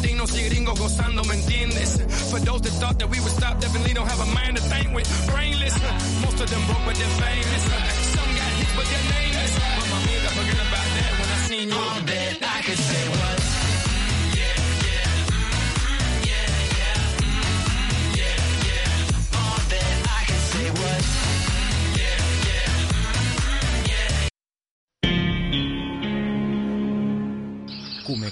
Latinos y gringos gozando, ¿me entiendes? For those that thought that we would stop, definitely don't have a mind to think with. Brainless, most of them broke but they're famous. Some got hit but they're nameless. But my made up forget about that when I seen you. All that I could say was.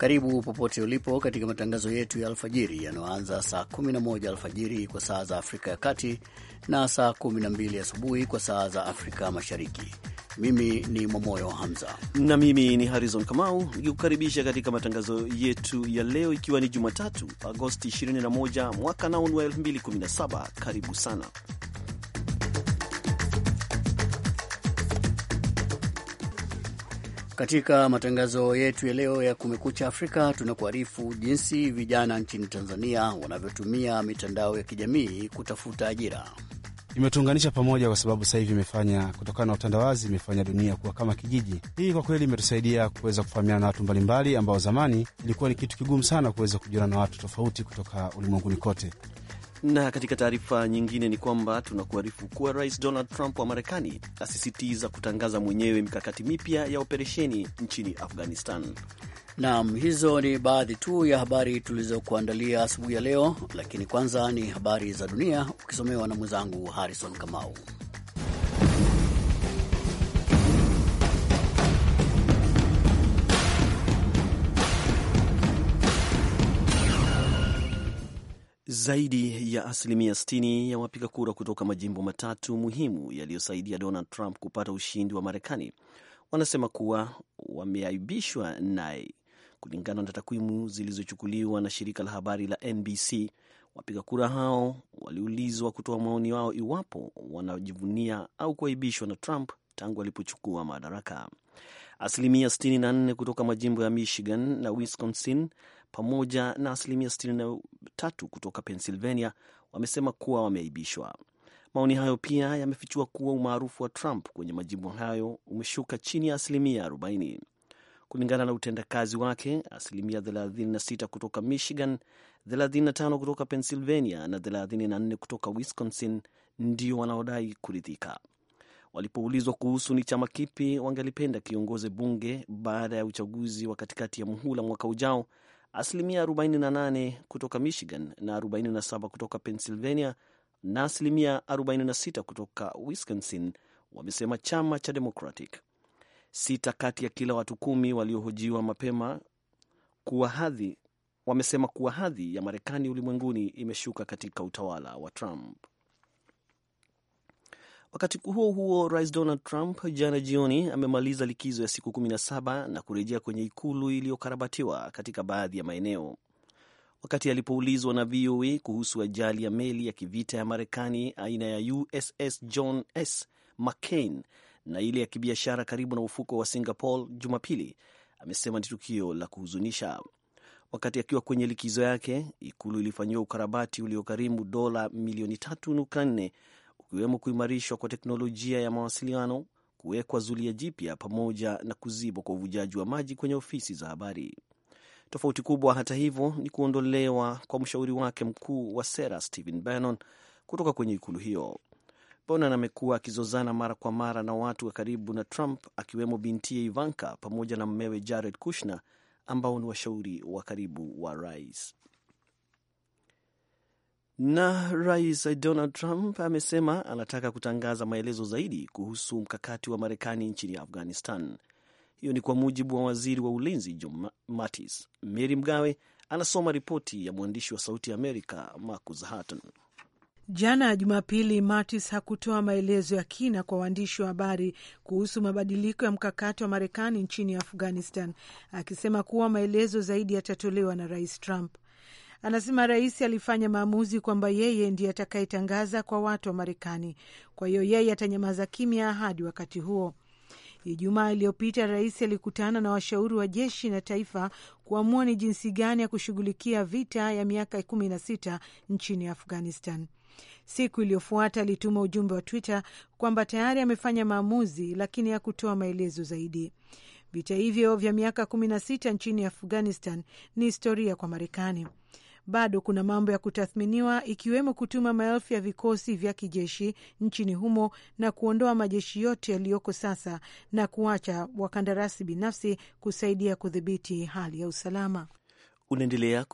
Karibu popote ulipo katika matangazo yetu ya alfajiri yanayoanza saa 11 alfajiri kwa saa za Afrika ya Kati na saa 12 asubuhi kwa saa za Afrika Mashariki. Mimi ni mwamoyo wa Hamza na mimi ni Harrison Kamau nikikukaribisha katika matangazo yetu ya leo, ikiwa ni Jumatatu Agosti 21 mwaka naunu wa 2017. Karibu sana Katika matangazo yetu ya leo ya Kumekucha Afrika tunakuarifu jinsi vijana nchini Tanzania wanavyotumia mitandao ya kijamii kutafuta ajira. Imetuunganisha pamoja kwa sababu sasa hivi imefanya kutokana na utandawazi, imefanya dunia kuwa kama kijiji. Hii kwa kweli imetusaidia kuweza kufahamiana na watu mbalimbali ambao zamani ilikuwa ni kitu kigumu sana kuweza kujiana na watu tofauti kutoka ulimwenguni kote. Na katika taarifa nyingine ni kwamba tunakuarifu kuwa Rais Donald Trump wa Marekani asisitiza kutangaza mwenyewe mikakati mipya ya operesheni nchini Afghanistan. Naam, hizo ni baadhi tu ya habari tulizokuandalia asubuhi ya leo, lakini kwanza ni habari za dunia ukisomewa na mwenzangu Harrison Kamau. Zaidi ya asilimia 60 ya wapiga kura kutoka majimbo matatu muhimu yaliyosaidia Donald Trump kupata ushindi wa Marekani wanasema kuwa wameaibishwa naye. Kulingana na takwimu zilizochukuliwa na shirika la habari la NBC, wapiga kura hao waliulizwa kutoa maoni wao iwapo wanajivunia au kuaibishwa na Trump tangu alipochukua madaraka. Asilimia 64 kutoka majimbo ya Michigan na Wisconsin pamoja na asilimia 63 kutoka Pennsylvania wamesema kuwa wameaibishwa. Maoni hayo pia yamefichua kuwa umaarufu wa Trump kwenye majimbo hayo umeshuka chini ya asilimia 40 kulingana na utendakazi wake, asilimia 36 kutoka Michigan, 35 kutoka Pennsylvania na 34 kutoka Wisconsin ndio wanaodai kuridhika. Walipoulizwa kuhusu ni chama kipi wangelipenda kiongoze bunge baada ya uchaguzi wa katikati ya muhula mwaka ujao, asilimia 48 kutoka Michigan na 47 kutoka Pennsylvania na asilimia 46 kutoka Wisconsin, wamesema chama cha Democratic. Sita kati ya kila watu kumi waliohojiwa mapema kuwa hadhi wamesema kuwa hadhi ya Marekani ulimwenguni imeshuka katika utawala wa Trump. Wakati huo huo, rais Donald Trump jana jioni amemaliza likizo ya siku 17 na kurejea kwenye ikulu iliyokarabatiwa katika baadhi ya maeneo. Wakati alipoulizwa na VOA kuhusu ajali ya meli ya kivita ya Marekani aina ya USS John S. McCain na ile ya kibiashara karibu na ufuko wa Singapore Jumapili, amesema ni tukio la kuhuzunisha. Wakati akiwa kwenye likizo yake, ikulu ilifanyiwa ukarabati uliogharimu dola milioni 3.4 kukiwemo kuimarishwa kwa teknolojia ya mawasiliano, kuwekwa zulia jipya, pamoja na kuzibwa kwa uvujaji wa maji kwenye ofisi za habari. Tofauti kubwa, hata hivyo, ni kuondolewa kwa mshauri wake mkuu wa sera Stephen Bannon kutoka kwenye ikulu hiyo. Bannon amekuwa akizozana mara kwa mara na watu wa karibu na Trump, akiwemo bintiye Ivanka pamoja na mmewe Jared Kushner ambao ni washauri wa karibu wa rais. Na Rais Donald Trump amesema anataka kutangaza maelezo zaidi kuhusu mkakati wa Marekani nchini Afghanistan. Hiyo ni kwa mujibu wa waziri wa ulinzi John Mattis. Mary Mgawe anasoma ripoti ya mwandishi wa Sauti ya Amerika Marcus Hatton. Jana Jumapili, Mattis hakutoa maelezo ya kina kwa waandishi wa habari kuhusu mabadiliko ya mkakati wa Marekani nchini Afghanistan, akisema kuwa maelezo zaidi yatatolewa na Rais Trump. Anasema rais alifanya maamuzi kwamba yeye ndiye atakayetangaza kwa watu wa Marekani, kwa hiyo yeye atanyamaza kimya hadi wakati huo. Ijumaa iliyopita rais alikutana na washauri wa jeshi na taifa kuamua ni jinsi gani ya kushughulikia vita ya miaka kumi na sita nchini Afghanistan. Siku iliyofuata alituma ujumbe wa Twitter kwamba tayari amefanya maamuzi, lakini hakutoa maelezo zaidi. Vita hivyo vya miaka kumi na sita nchini Afghanistan ni historia kwa Marekani bado kuna mambo ya kutathminiwa, ikiwemo kutuma maelfu ya vikosi vya kijeshi nchini humo na kuondoa majeshi yote yaliyoko sasa na kuacha wakandarasi binafsi kusaidia kudhibiti hali ya usalama. Unaendelea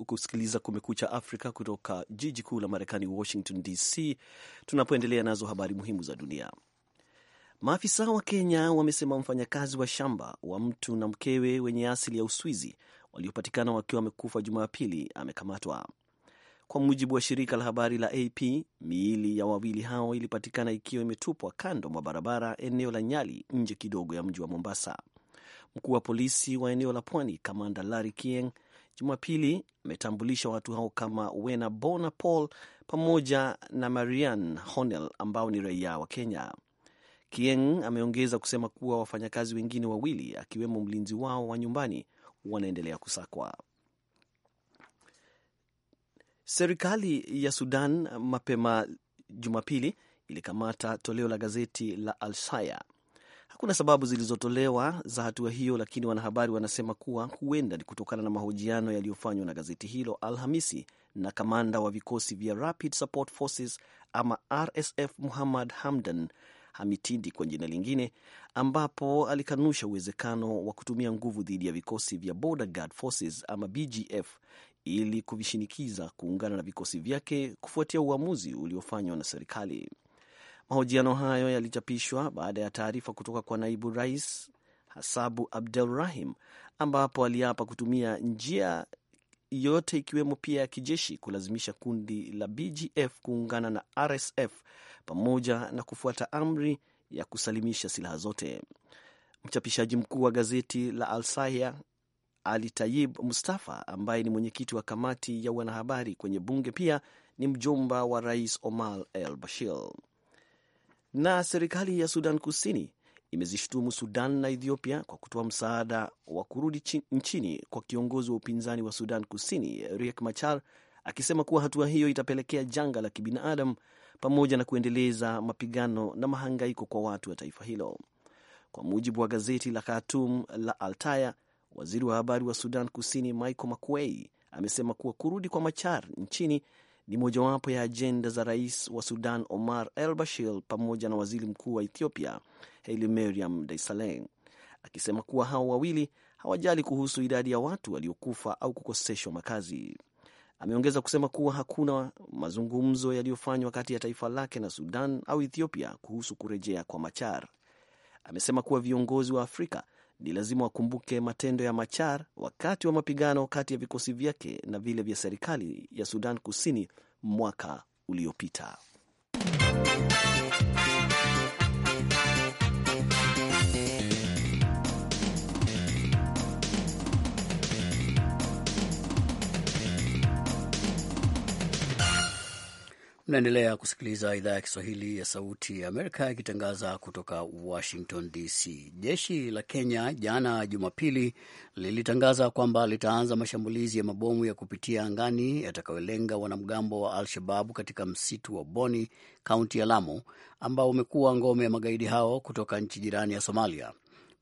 kusikiliza Kumekucha Afrika kutoka jiji kuu la Marekani, Washington DC, tunapoendelea nazo habari muhimu za dunia. Maafisa wa Kenya wamesema mfanyakazi wa shamba wa mtu na mkewe wenye asili ya Uswizi waliopatikana wakiwa wamekufa Jumapili amekamatwa. Kwa mujibu wa shirika la habari la AP, miili ya wawili hao ilipatikana ikiwa imetupwa kando mwa barabara eneo la Nyali, nje kidogo ya mji wa Mombasa. Mkuu wa polisi wa eneo la pwani, Kamanda Larry Kieng, Jumapili ametambulisha watu hao kama Wena Bona Paul pamoja na Marian Honel ambao ni raia wa Kenya. Kieng ameongeza kusema kuwa wafanyakazi wengine wawili akiwemo mlinzi wao wa nyumbani wanaendelea kusakwa. Serikali ya Sudan mapema Jumapili ilikamata toleo la gazeti la Alshaya. Hakuna sababu zilizotolewa za hatua hiyo, lakini wanahabari wanasema kuwa huenda ni kutokana na mahojiano yaliyofanywa na gazeti hilo Alhamisi na kamanda wa vikosi vya Rapid Support Forces ama RSF Muhammad Hamdan Hamitidi kwa jina lingine, ambapo alikanusha uwezekano wa kutumia nguvu dhidi ya vikosi vya Border Guard Forces ama BGF ili kuvishinikiza kuungana na vikosi vyake kufuatia uamuzi uliofanywa na serikali. Mahojiano hayo yalichapishwa baada ya taarifa kutoka kwa naibu rais Hasabu Abdel Rahim ambapo aliapa kutumia njia yote ikiwemo pia ya kijeshi kulazimisha kundi la BGF kuungana na RSF pamoja na kufuata amri ya kusalimisha silaha zote. Mchapishaji mkuu wa gazeti la Alsahia Ali Tayib Mustafa, ambaye ni mwenyekiti wa kamati ya wanahabari kwenye bunge, pia ni mjomba wa rais Omar el Bashir. Na serikali ya Sudan Kusini imezishutumu Sudan na Ethiopia kwa kutoa msaada wa kurudi nchini kwa kiongozi wa upinzani wa Sudan Kusini Riek Machar, akisema kuwa hatua hiyo itapelekea janga la kibinadamu pamoja na kuendeleza mapigano na mahangaiko kwa watu wa taifa hilo. Kwa mujibu wa gazeti la Khartoum la Altaya, waziri wa habari wa Sudan Kusini Michael Makuei amesema kuwa kurudi kwa Machar nchini ni mojawapo ya ajenda za rais wa Sudan Omar El Bashir pamoja na waziri mkuu wa Ethiopia Haile Mariam Desalegn, akisema kuwa hao wawili hawajali kuhusu idadi ya watu waliokufa au kukoseshwa makazi. Ameongeza kusema kuwa hakuna mazungumzo yaliyofanywa kati ya taifa lake na Sudan au Ethiopia kuhusu kurejea kwa Machar. Amesema kuwa viongozi wa Afrika ni lazima wakumbuke matendo ya Machar wakati wa mapigano kati ya vikosi vyake na vile vya serikali ya Sudan Kusini mwaka uliopita. Mnaendelea kusikiliza idhaa ya Kiswahili ya Sauti ya Amerika ikitangaza kutoka Washington DC. Jeshi la Kenya jana Jumapili lilitangaza kwamba litaanza mashambulizi ya mabomu ya kupitia angani yatakayolenga wanamgambo wa Al-Shababu katika msitu wa Boni, kaunti ya Lamu, ambao umekuwa ngome ya magaidi hao kutoka nchi jirani ya Somalia.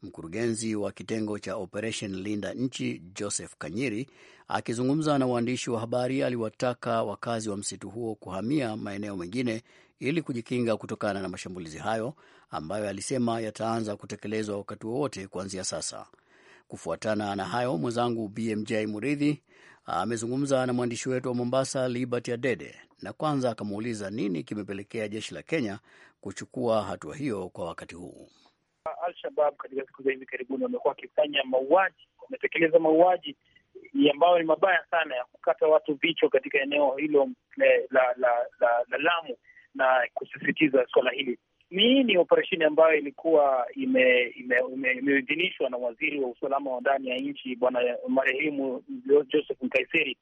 Mkurugenzi wa kitengo cha Operation Linda Nchi, Joseph Kanyiri, akizungumza na waandishi wa habari, aliwataka wakazi wa msitu huo kuhamia maeneo mengine ili kujikinga kutokana na mashambulizi hayo ambayo alisema yataanza kutekelezwa wakati wowote kuanzia sasa. Kufuatana na hayo, mwenzangu BMJ Muridhi amezungumza na mwandishi wetu wa Mombasa, Liberty Adede, na kwanza akamuuliza nini kimepelekea jeshi la Kenya kuchukua hatua hiyo kwa wakati huu. Al-Shabab katika siku za hivi karibuni wamekuwa wakifanya mauaji, wametekeleza mauaji ambayo ni mabaya sana ya kukata watu vichwa katika eneo hilo eh, la la la, la Lamu na kusisitiza suala hili. Hii ni operesheni ambayo ilikuwa imeidhinishwa ime, ime, ime na waziri wa usalama wa ndani ya nchi bwana marehemu Joseph Nkaiseri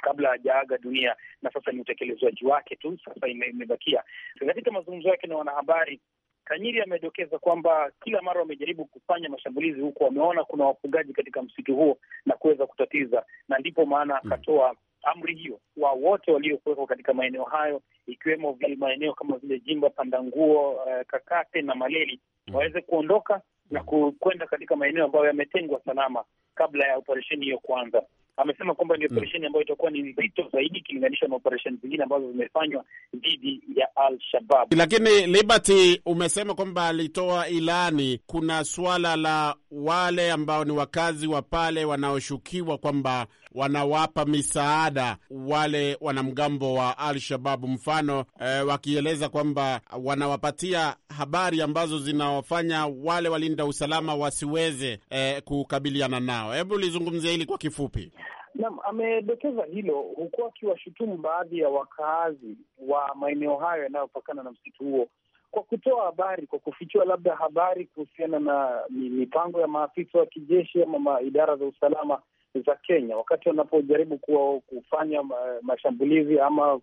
kabla hajaaga dunia, na sasa ni utekelezwaji wake tu sasa imebakia. Katika mazungumzo yake na wanahabari, Kanyiri amedokeza kwamba kila mara wamejaribu kufanya mashambulizi huko, wameona kuna wafugaji katika msitu huo na kuweza kutatiza, na ndipo maana hmm. akatoa amri hiyo wa wote waliokuwekwa katika maeneo hayo ikiwemo maeneo kama vile Jimba, Pandanguo, uh, Kakate na Maleli hmm. waweze kuondoka na kwenda katika maeneo ambayo yametengwa salama kabla ya operesheni hiyo kuanza amesema kwamba ni mm. operesheni ambayo itakuwa ni nzito zaidi ikilinganishwa na operesheni zingine ambazo zimefanywa dhidi ya Al Shabab. Lakini Liberty, umesema kwamba alitoa ilani. Kuna swala la wale ambao ni wakazi wa pale wanaoshukiwa kwamba wanawapa misaada wale wanamgambo wa Al Shababu, mfano e, wakieleza kwamba wanawapatia habari ambazo zinawafanya wale walinda usalama wasiweze e, kukabiliana nao. Hebu lizungumzia hili kwa kifupi. Naam, amedokeza hilo huku akiwashutumu baadhi ya wakaazi wa maeneo hayo yanayopakana na msitu huo kwa kutoa habari kwa kufichua labda habari kuhusiana na mipango ya maafisa wa kijeshi ama idara za usalama za Kenya wakati wanapojaribu kufanya mashambulizi ama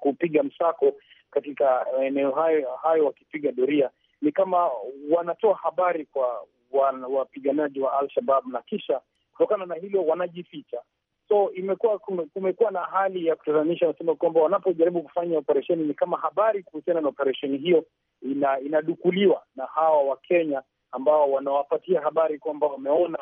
kupiga msako katika maeneo hayo hayo, wakipiga doria ni kama wanatoa habari kwa wapiganaji wa Al-Shabab na kisha kutokana na hilo wanajificha. So imekuwa kumekuwa na hali ya kutatanisha, wanasema kwamba wanapojaribu kufanya operesheni ni kama habari kuhusiana na operesheni hiyo ina, inadukuliwa na hawa Wakenya ambao wanawapatia habari kwamba wameona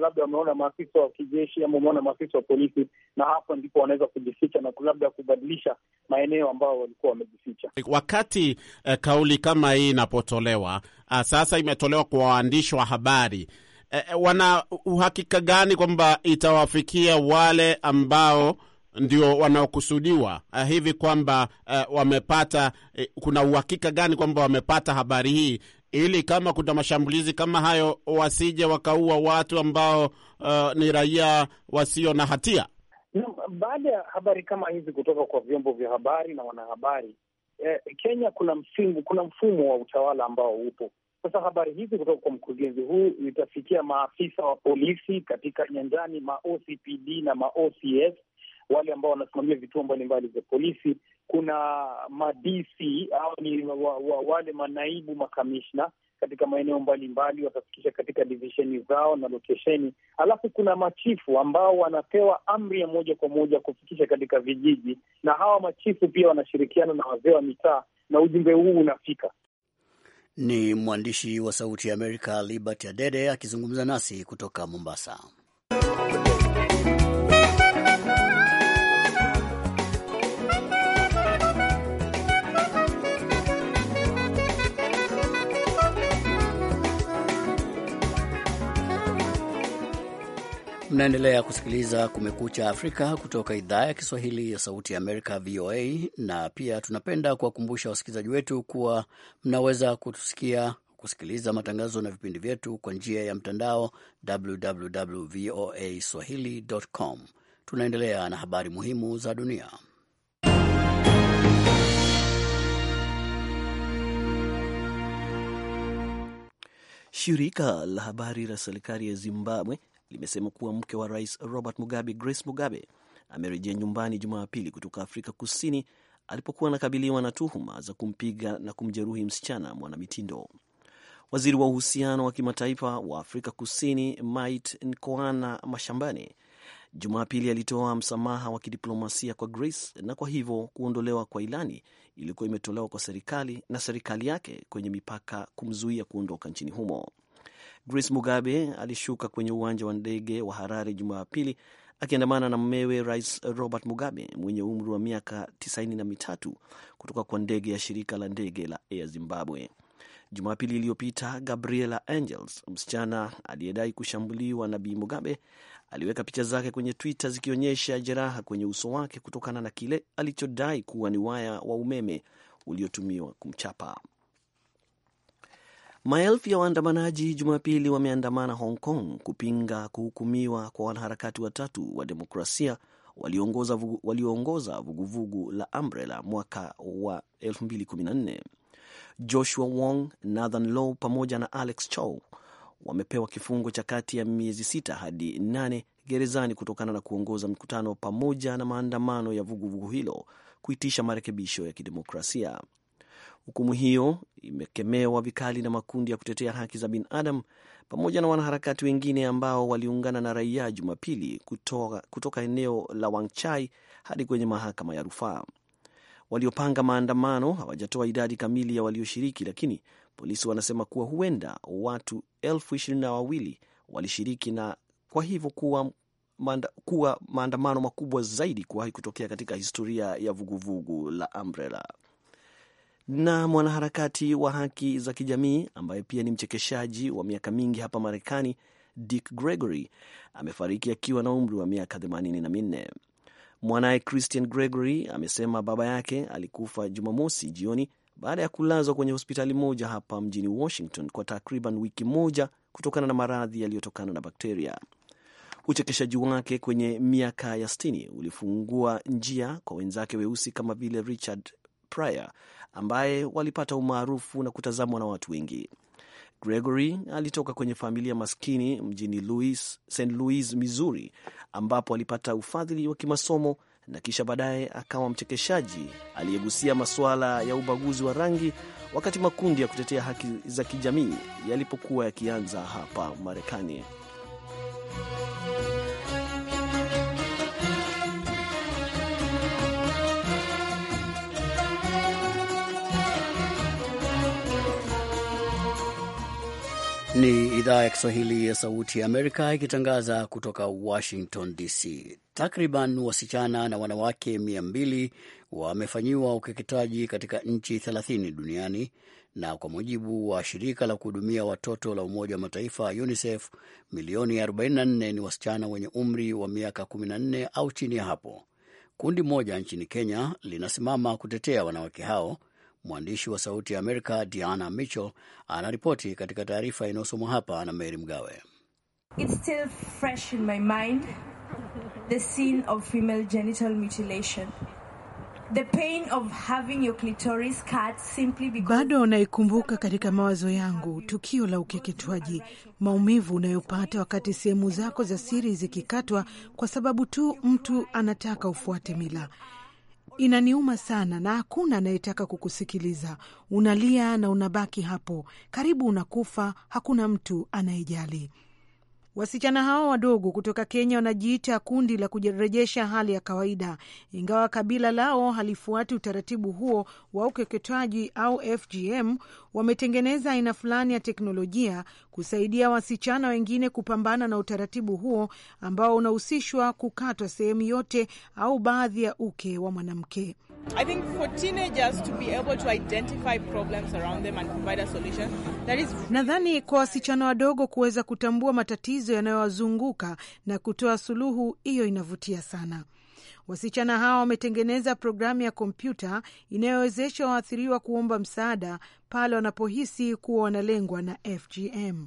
labda wameona maafisa wa kijeshi ama wameona maafisa wa polisi, na hapo ndipo wanaweza kujificha na labda kubadilisha maeneo ambao walikuwa wamejificha. Wakati eh, kauli kama hii inapotolewa, ah, sasa imetolewa kwa waandishi wa habari eh, eh wana uhakika gani kwamba itawafikia wale ambao ndio wanaokusudiwa uh, hivi kwamba uh, wamepata uh, kuna uhakika gani kwamba wamepata habari hii ili kama kuna mashambulizi kama hayo wasije wakaua watu ambao uh, ni raia wasio na hatia. Baada ya habari kama hizi kutoka kwa vyombo vya habari na wanahabari eh, Kenya kuna msimu, kuna mfumo wa utawala ambao upo sasa. Habari hizi kutoka kwa mkurugenzi huu zitafikia maafisa wa polisi katika nyanjani, ma OCPD na ma OCS, wale ambao wanasimamia vituo mbalimbali vya polisi kuna madisi au ni wa, wa, wale manaibu makamishna katika maeneo mbalimbali watafikisha katika divisheni zao na lokesheni. Alafu kuna machifu ambao wanapewa amri ya moja kwa moja kufikisha katika vijiji, na hawa machifu pia wanashirikiana na wazee wa mitaa na ujumbe huu unafika. Ni mwandishi wa Sauti ya Amerika Libert Adede akizungumza nasi kutoka Mombasa. Mnaendelea kusikiliza Kumekucha Afrika kutoka idhaa ya Kiswahili ya Sauti ya Amerika, VOA. Na pia tunapenda kuwakumbusha wasikilizaji wetu kuwa mnaweza kutusikia kusikiliza matangazo na vipindi vyetu kwa njia ya mtandao www voa swahili.com. Tunaendelea na habari muhimu za dunia. Shirika la habari la serikali ya Zimbabwe limesema kuwa mke wa rais Robert Mugabe, Grace Mugabe, amerejea nyumbani Jumapili kutoka Afrika Kusini alipokuwa anakabiliwa na tuhuma za kumpiga na kumjeruhi msichana mwanamitindo. Waziri wa uhusiano wa kimataifa wa Afrika Kusini Mait Nkoana Mashambani Jumapili alitoa msamaha wa kidiplomasia kwa Grace na kwa hivyo kuondolewa kwa ilani iliyokuwa imetolewa kwa serikali na serikali yake kwenye mipaka kumzuia kuondoka nchini humo. Grace Mugabe alishuka kwenye uwanja wa ndege wa Harare Jumapili akiandamana na mmewe Rais Robert Mugabe mwenye umri wa miaka tisini na mitatu kutoka kwa ndege ya shirika la ndege la Air Zimbabwe. Jumapili iliyopita, Gabriela Angels, msichana aliyedai kushambuliwa na Bi Mugabe, aliweka picha zake kwenye Twitter zikionyesha jeraha kwenye uso wake kutokana na kile alichodai kuwa ni waya wa umeme uliotumiwa kumchapa. Maelfu ya waandamanaji Jumapili wameandamana Hong Kong kupinga kuhukumiwa kwa wanaharakati watatu wa demokrasia walioongoza vuguvugu la Umbrella mwaka wa 2014. Joshua Wong, Nathan Law pamoja na Alex Chow wamepewa kifungo cha kati ya miezi sita hadi nane gerezani kutokana na kuongoza mkutano pamoja na maandamano ya vuguvugu hilo kuitisha marekebisho ya kidemokrasia. Hukumu hiyo imekemewa vikali na makundi ya kutetea haki za binadamu pamoja na wanaharakati wengine ambao waliungana na raia Jumapili kutoka, kutoka eneo la Wangchai hadi kwenye mahakama ya rufaa. Waliopanga maandamano hawajatoa idadi kamili ya walioshiriki, lakini polisi wanasema kuwa huenda watu elfu ishirini na wawili walishiriki na kwa hivyo kuwa, manda, kuwa maandamano makubwa zaidi kuwahi kutokea katika historia ya vuguvugu vugu la Umbrella na mwanaharakati wa haki za kijamii ambaye pia ni mchekeshaji wa miaka mingi hapa Marekani, Dick Gregory amefariki akiwa na umri wa miaka na minne Mwanaye Christian Gregory amesema baba yake alikufa Jumamosi jioni baada ya kulazwa kwenye hospitali moja hapa mjini Washington kwa takriban wiki moja kutokana na maradhi yaliyotokana na bakteria. Uchekeshaji wake kwenye miaka ya 60 ulifungua njia kwa wenzake weusi kama vile Richard Pryor ambaye walipata umaarufu na kutazamwa na watu wengi. Gregory alitoka kwenye familia maskini mjini Louis, St. Louis, Missouri, ambapo alipata ufadhili wa kimasomo na kisha baadaye akawa mchekeshaji aliyegusia masuala ya ubaguzi wa rangi wakati makundi ya kutetea haki za kijamii yalipokuwa yakianza hapa Marekani. Ni idhaa ya Kiswahili ya Sauti ya Amerika ikitangaza kutoka Washington DC. Takriban wasichana na wanawake mia mbili wamefanyiwa ukeketaji katika nchi 30 duniani, na kwa mujibu wa shirika la kuhudumia watoto la Umoja wa Mataifa UNICEF, milioni 44 ni wasichana wenye umri wa miaka 14 au chini ya hapo. Kundi moja nchini Kenya linasimama kutetea wanawake hao Mwandishi wa Sauti ya Amerika Diana Mitchell anaripoti katika taarifa inayosomwa hapa na Meri Mgawe. It's still fresh in my mind, the scene of female genital mutilation. The pain of having your clitoris cut simply because... Bado naikumbuka katika mawazo yangu tukio la ukeketwaji, maumivu unayopata wakati sehemu zako za siri zikikatwa kwa sababu tu mtu anataka ufuate mila. Inaniuma sana na hakuna anayetaka kukusikiliza. Unalia na unabaki hapo, karibu unakufa, hakuna mtu anayejali. Wasichana hao wadogo kutoka Kenya wanajiita kundi la kurejesha hali ya kawaida, ingawa kabila lao halifuati utaratibu huo wa ukeketaji au FGM wametengeneza aina fulani ya teknolojia kusaidia wasichana wengine kupambana na utaratibu huo ambao unahusishwa kukatwa sehemu yote au baadhi ya uke wa mwanamke. Nadhani kwa wasichana wadogo kuweza kutambua matatizo yanayowazunguka na kutoa suluhu, hiyo inavutia sana. Wasichana hawa wametengeneza programu ya kompyuta inayowezesha waathiriwa kuomba msaada pale wanapohisi kuwa wanalengwa na FGM.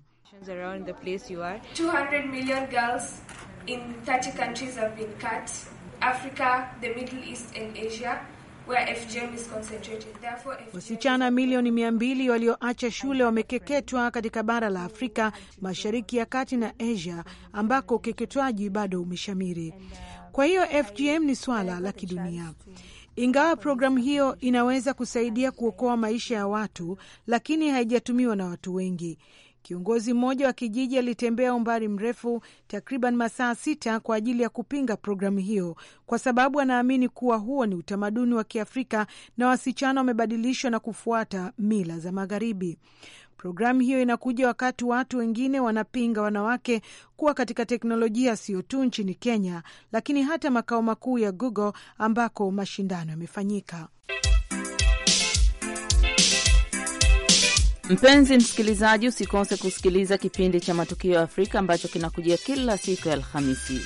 Wasichana milioni mia mbili walioacha shule wamekeketwa katika bara la Afrika, Mashariki ya Kati na Asia ambako ukeketwaji bado umeshamiri. Kwa hiyo FGM ni swala la kidunia. Ingawa programu hiyo inaweza kusaidia kuokoa maisha ya watu, lakini haijatumiwa na watu wengi. Kiongozi mmoja wa kijiji alitembea umbali mrefu, takriban masaa sita, kwa ajili ya kupinga programu hiyo, kwa sababu anaamini kuwa huo ni utamaduni wa Kiafrika na wasichana wamebadilishwa na kufuata mila za Magharibi. Programu hiyo inakuja wakati watu wengine wanapinga wanawake kuwa katika teknolojia, sio tu nchini Kenya, lakini hata makao makuu ya Google ambako mashindano yamefanyika. Mpenzi msikilizaji, usikose kusikiliza kipindi cha Matukio ya Afrika ambacho kinakujia kila siku ya Alhamisi.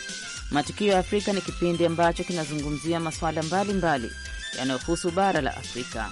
Matukio ya Afrika ni kipindi ambacho kinazungumzia masuala mbalimbali yanayohusu bara la Afrika.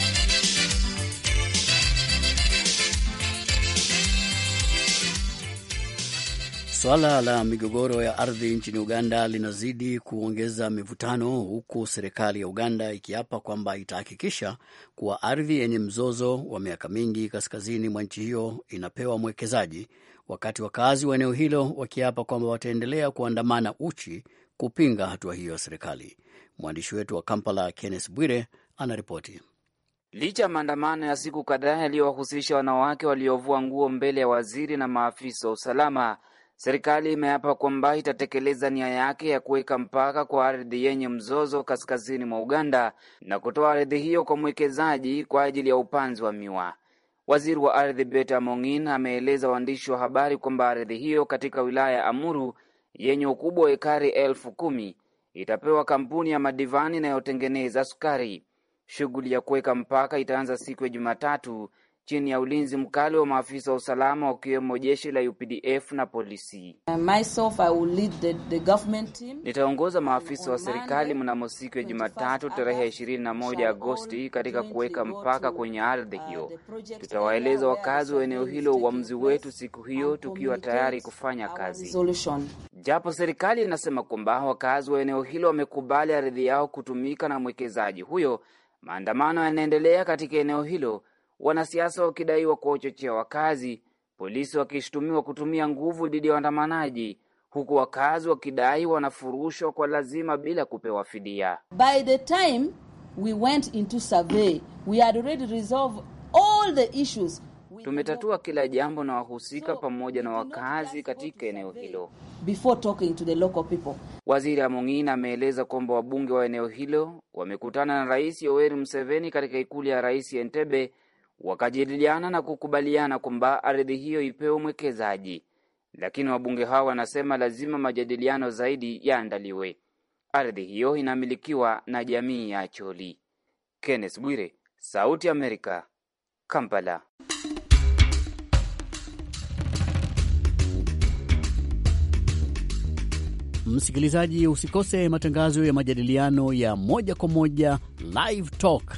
Swala la migogoro ya ardhi nchini Uganda linazidi kuongeza mivutano, huku serikali ya Uganda ikiapa kwamba itahakikisha kuwa ardhi yenye mzozo wa miaka mingi kaskazini mwa nchi hiyo inapewa mwekezaji, wakati wakazi wa eneo hilo wakiapa kwamba wataendelea kuandamana uchi kupinga hatua hiyo ya serikali. Mwandishi wetu wa Kampala, Kenneth Bwire, anaripoti. Licha ya maandamano ya siku kadhaa yaliyowahusisha wanawake waliovua nguo mbele ya waziri na maafisa wa usalama Serikali imeapa kwamba itatekeleza nia yake ya kuweka mpaka kwa ardhi yenye mzozo kaskazini mwa Uganda na kutoa ardhi hiyo kwa mwekezaji kwa ajili ya upanzi wa miwa. Waziri wa ardhi Beta Mongin ameeleza waandishi wa habari kwamba ardhi hiyo katika wilaya ya Amuru yenye ukubwa wa ekari elfu kumi itapewa kampuni ya Madivani inayotengeneza sukari. Shughuli ya kuweka mpaka itaanza siku ya Jumatatu chini ya ulinzi mkali wa maafisa wa usalama wakiwemo jeshi la UPDF na polisi. Uh, Nitaongoza maafisa wa serikali mnamo siku ya Jumatatu tarehe 21 Agosti katika kuweka mpaka kwenye uh, ardhi hiyo. Tutawaeleza wakazi wa eneo hilo uamuzi wetu siku hiyo, tukiwa tayari kufanya kazi. Japo serikali inasema kwamba wakazi wa eneo hilo wamekubali ardhi yao kutumika na mwekezaji huyo, maandamano yanaendelea katika eneo hilo wanasiasa wakidaiwa kuwachochea wakazi, polisi wakishutumiwa kutumia nguvu dhidi ya waandamanaji, huku wakazi wakidai wanafurushwa kwa lazima bila kupewa fidia. By the time we went into survey, we had already resolved all the issues Tumetatua kila jambo na wahusika pamoja na wakazi katika eneo hilo. Before talking to the local people, Waziri amungina ameeleza kwamba wabunge wa eneo hilo wamekutana na Rais Yoweri Museveni katika ikulu ya rais Entebbe wakajadiliana na kukubaliana kwamba ardhi hiyo ipewe mwekezaji, lakini wabunge hao wanasema lazima majadiliano zaidi yaandaliwe. Ardhi hiyo inamilikiwa na jamii ya Acholi. Kenneth Bwire, Sauti ya Amerika, Kampala. Msikilizaji, usikose matangazo ya majadiliano ya moja kwa moja Live Talk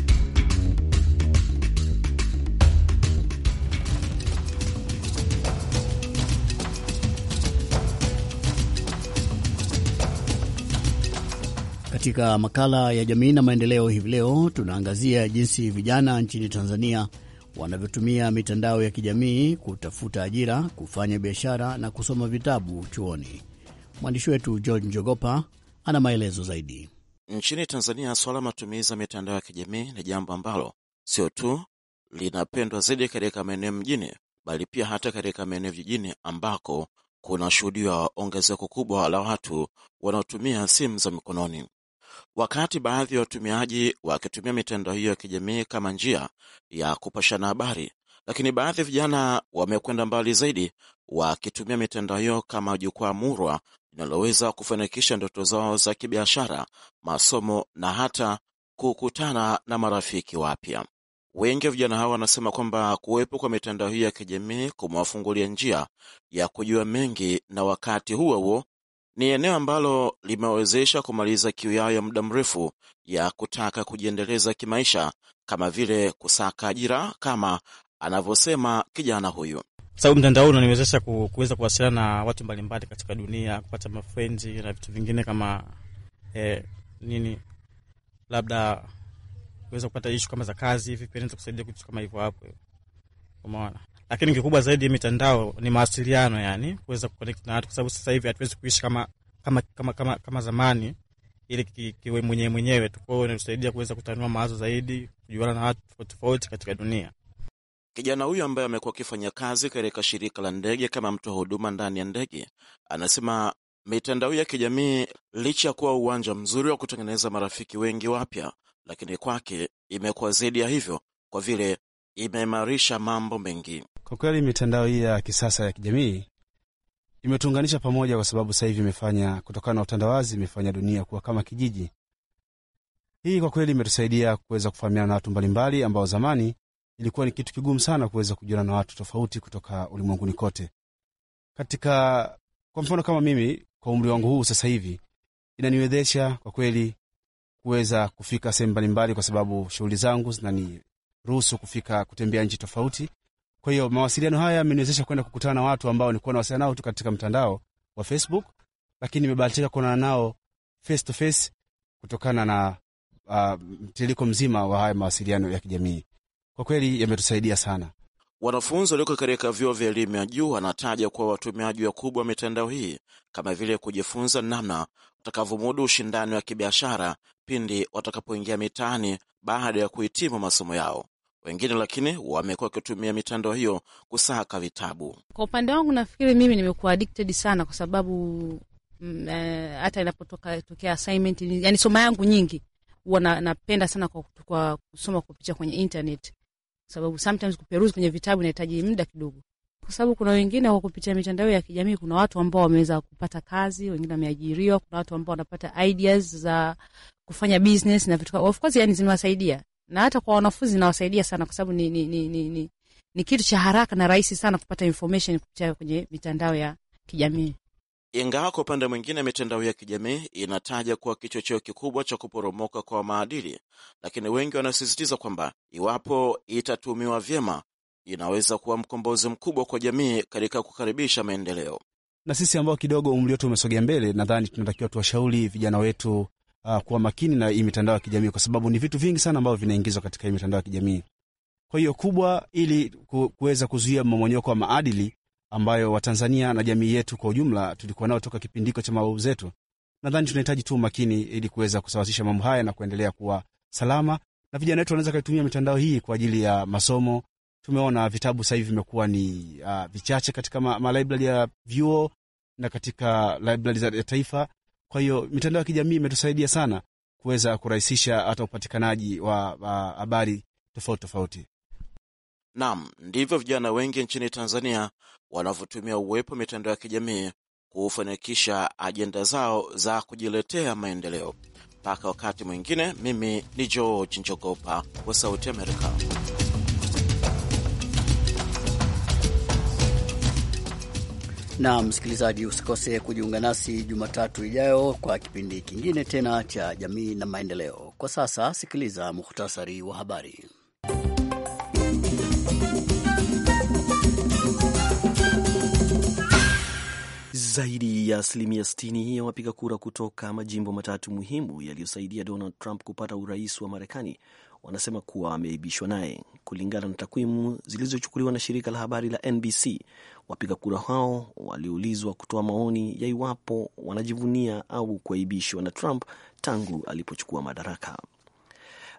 Katika makala ya jamii na maendeleo hivi leo tunaangazia jinsi vijana nchini Tanzania wanavyotumia mitandao ya kijamii kutafuta ajira, kufanya biashara na kusoma vitabu chuoni. Mwandishi wetu George Njogopa ana maelezo zaidi. Nchini Tanzania, swala la matumizi ya mitandao ya kijamii ni jambo ambalo sio tu linapendwa zaidi katika maeneo mjini, bali pia hata katika maeneo vijijini ambako kuna shuhudiwa ongezeko kubwa la watu wanaotumia simu za mikononi wakati baadhi ya watumiaji wakitumia mitandao hiyo ya kijamii kama njia ya kupashana habari, lakini baadhi ya vijana wamekwenda mbali zaidi, wakitumia mitandao hiyo kama jukwaa murwa linaloweza kufanikisha ndoto zao za kibiashara, masomo na hata kukutana na marafiki wapya. Wengi wa vijana hawa wanasema kwamba kuwepo kwa mitandao hiyo ya kijamii kumewafungulia njia ya kujua mengi, na wakati huo huo ni eneo ambalo limewezesha kumaliza kiu yao ya muda mrefu ya kutaka kujiendeleza kimaisha kama vile kusaka ajira kama anavyosema kijana huyu. Sababu mtandao unaniwezesha kuweza kuwasiliana na watu mbalimbali katika dunia, kupata mafrenzi na vitu vingine kama eh, nini labda kuweza kupata ishu kama za kazi hivi, pia naweza kusaidia kitu kama hivyo hapo, umeona lakini kikubwa zaidi mitandao ni mawasiliano, yani kuweza kuconnect na watu, kwa sababu sasa hivi hatuwezi kuishi kama, kama, kama, kama, kama zamani ili kiwe mwenyewe mwenyewe tu. Kwa hiyo inatusaidia kuweza kutanua mawazo zaidi, kujuana na watu tofauti tofauti katika dunia. Kijana huyu ambaye amekuwa akifanya kazi katika shirika la ndege kama mtu wa huduma ndani ya ndege, anasema mitandao ya kijamii licha ya kuwa uwanja mzuri wa kutengeneza marafiki wengi wapya, lakini kwake imekuwa zaidi ya hivyo, kwa vile imeimarisha mambo mengi kwa kweli. Mitandao hii ya kisasa ya kijamii imetuunganisha pamoja, kwa sababu sasa hivi imefanya, kutokana na utandawazi, imefanya dunia kuwa kama kijiji. Hii kwa kweli imetusaidia kuweza kufahamiana na watu mbalimbali ambao zamani ilikuwa ni kitu kigumu sana kuweza kujuana na watu tofauti kutoka ulimwenguni kote. Katika kwa mfano kama mimi kwa umri wangu huu sasa hivi inaniwezesha kwa kweli kuweza kufika sehemu mbalimbali, kwa sababu shughuli zangu zinani ruhusu kufika kutembea nchi tofauti. Kwa hiyo mawasiliano haya yameniwezesha kwenda kukutana na watu ambao nilikuwa nawasiliana nao tu katika mtandao wa Facebook, lakini nimebahatika kuonana nao face to face kutokana na uh, mtiririko mzima wa haya mawasiliano ya kijamii. Kwa kweli yametusaidia sana. Wanafunzi walioko katika vyuo vya elimu ya juu wanataja kuwa watumiaji wakubwa wa mitandao hii kama vile kujifunza namna watakavyomudu ushindani wa kibiashara pindi watakapoingia mitaani baada ya kuhitimu masomo yao. Wengine lakini wamekuwa wakitumia mitandao hiyo kusaka vitabu. Kwa upande wangu, nafikiri mimi nimekuwa addicted sana, kwa sababu mm, eh, hata uh, inapotoka tokea assignment, yani soma yangu nyingi huwa napenda sana kwa, kwa kusoma kupitia kwenye internet, kwa sababu sometimes kuperuzi kwenye vitabu inahitaji muda kidogo, kwa sababu kuna wengine kwa kupitia mitandao ya kijamii, kuna watu ambao wameweza kupata kazi, wengine wameajiriwa, kuna watu ambao wanapata ideas za kufanya business na vitu of course, yani zimewasaidia na hata kwa wanafunzi nawasaidia sana, kwa sababu ni, ni, ni, ni, ni, ni kitu cha haraka na rahisi sana kupata information kupitia kwenye mitandao ya kijamii. Ingawa kwa upande mwingine mitandao ya kijamii inataja kuwa kichocheo kikubwa cha kuporomoka kwa maadili, lakini wengi wanasisitiza kwamba iwapo itatumiwa vyema, inaweza kuwa mkombozi mkubwa kwa jamii katika kukaribisha maendeleo. Na sisi ambao kidogo umri wetu umesogea mbele, nadhani tunatakiwa tuwashauri vijana wetu uh, kuwa makini na hii mitandao ya kijamii, kwa sababu ni vitu vingi sana ambavyo vinaingizwa katika hii mitandao ya kijamii. Kwa hiyo kubwa, ili kuweza kuzuia mmomonyoko wa maadili ambayo Watanzania na jamii yetu kwa ujumla tulikuwa nao toka kipindiko cha mababu zetu, nadhani tunahitaji tu umakini ili kuweza kusawazisha mambo haya na kuendelea kuwa salama, na vijana wetu wanaweza kuitumia mitandao hii kwa ajili ya masomo. Tumeona vitabu sasa hivi vimekuwa ni uh, vichache katika ma, ma library ya vyuo na katika library za taifa, kwa hiyo mitandao ya kijamii imetusaidia sana kuweza kurahisisha hata upatikanaji wa habari tofauti tofauti. Naam, ndivyo vijana wengi nchini Tanzania wanavyotumia uwepo wa mitandao ya kijamii kufanikisha ajenda zao za kujiletea maendeleo. Mpaka wakati mwingine, mimi ni George Njogopa wa Sauti Amerika. na msikilizaji, usikose kujiunga nasi Jumatatu ijayo kwa kipindi kingine tena cha Jamii na Maendeleo. Kwa sasa, sikiliza muhtasari wa habari. Zaidi ya asilimia 60 ya wapiga kura kutoka majimbo matatu muhimu yaliyosaidia Donald Trump kupata urais wa Marekani wanasema kuwa wameibishwa naye. Kulingana na takwimu zilizochukuliwa na shirika la habari la NBC, wapiga kura hao waliulizwa kutoa maoni ya iwapo wanajivunia au kuaibishwa na Trump tangu alipochukua madaraka.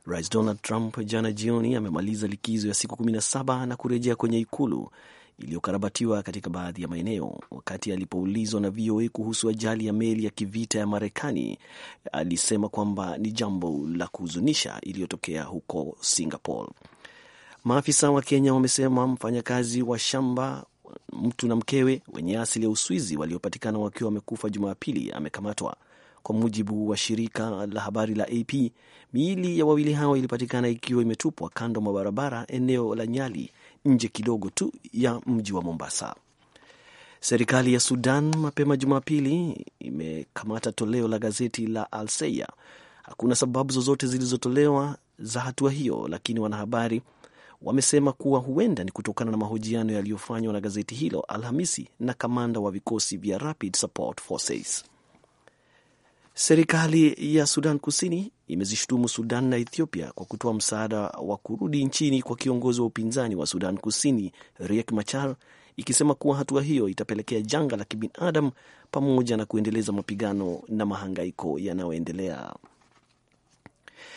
Rais Donald Trump jana jioni amemaliza likizo ya siku 17 na kurejea kwenye ikulu iliyokarabatiwa katika baadhi ya maeneo. Wakati alipoulizwa na VOA kuhusu ajali ya meli ya kivita ya Marekani, alisema kwamba ni jambo la kuhuzunisha iliyotokea huko Singapore. Maafisa wa Kenya wamesema mfanyakazi wa shamba mtu na mkewe wenye asili ya Uswizi waliopatikana wakiwa wamekufa Jumapili amekamatwa. Kwa mujibu wa shirika la habari la AP, miili ya wawili hao ilipatikana ikiwa imetupwa kando mwa barabara eneo la Nyali nje kidogo tu ya mji wa Mombasa. Serikali ya Sudan mapema Jumapili imekamata toleo la gazeti la alseia Hakuna sababu zozote zilizotolewa za hatua hiyo, lakini wanahabari wamesema kuwa huenda ni kutokana na mahojiano yaliyofanywa na gazeti hilo Alhamisi na kamanda wa vikosi vya Rapid Support Forces. Serikali ya Sudan Kusini imezishutumu Sudan na Ethiopia kwa kutoa msaada wa kurudi nchini kwa kiongozi wa upinzani wa Sudan Kusini Riek Machar, ikisema kuwa hatua hiyo itapelekea janga la kibinadamu pamoja na kuendeleza mapigano na mahangaiko yanayoendelea.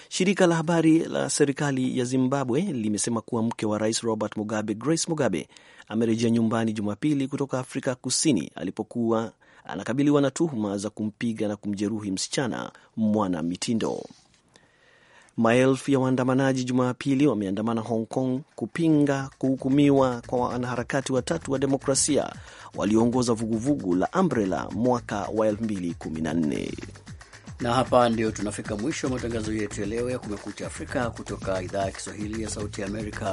Shirika la habari la serikali ya Zimbabwe limesema kuwa mke wa rais Robert Mugabe, Grace Mugabe, amerejea nyumbani Jumapili kutoka Afrika Kusini alipokuwa anakabiliwa na tuhuma za kumpiga na kumjeruhi msichana mwana mitindo. Maelfu ya waandamanaji Jumapili wameandamana Hong Kong kupinga kuhukumiwa kwa wanaharakati watatu wa demokrasia walioongoza vuguvugu la Umbrella mwaka wa 2014. Na hapa ndio tunafika mwisho wa matangazo yetu ya leo ya Kumekucha Afrika kutoka idhaa ya Kiswahili ya Sauti ya Amerika,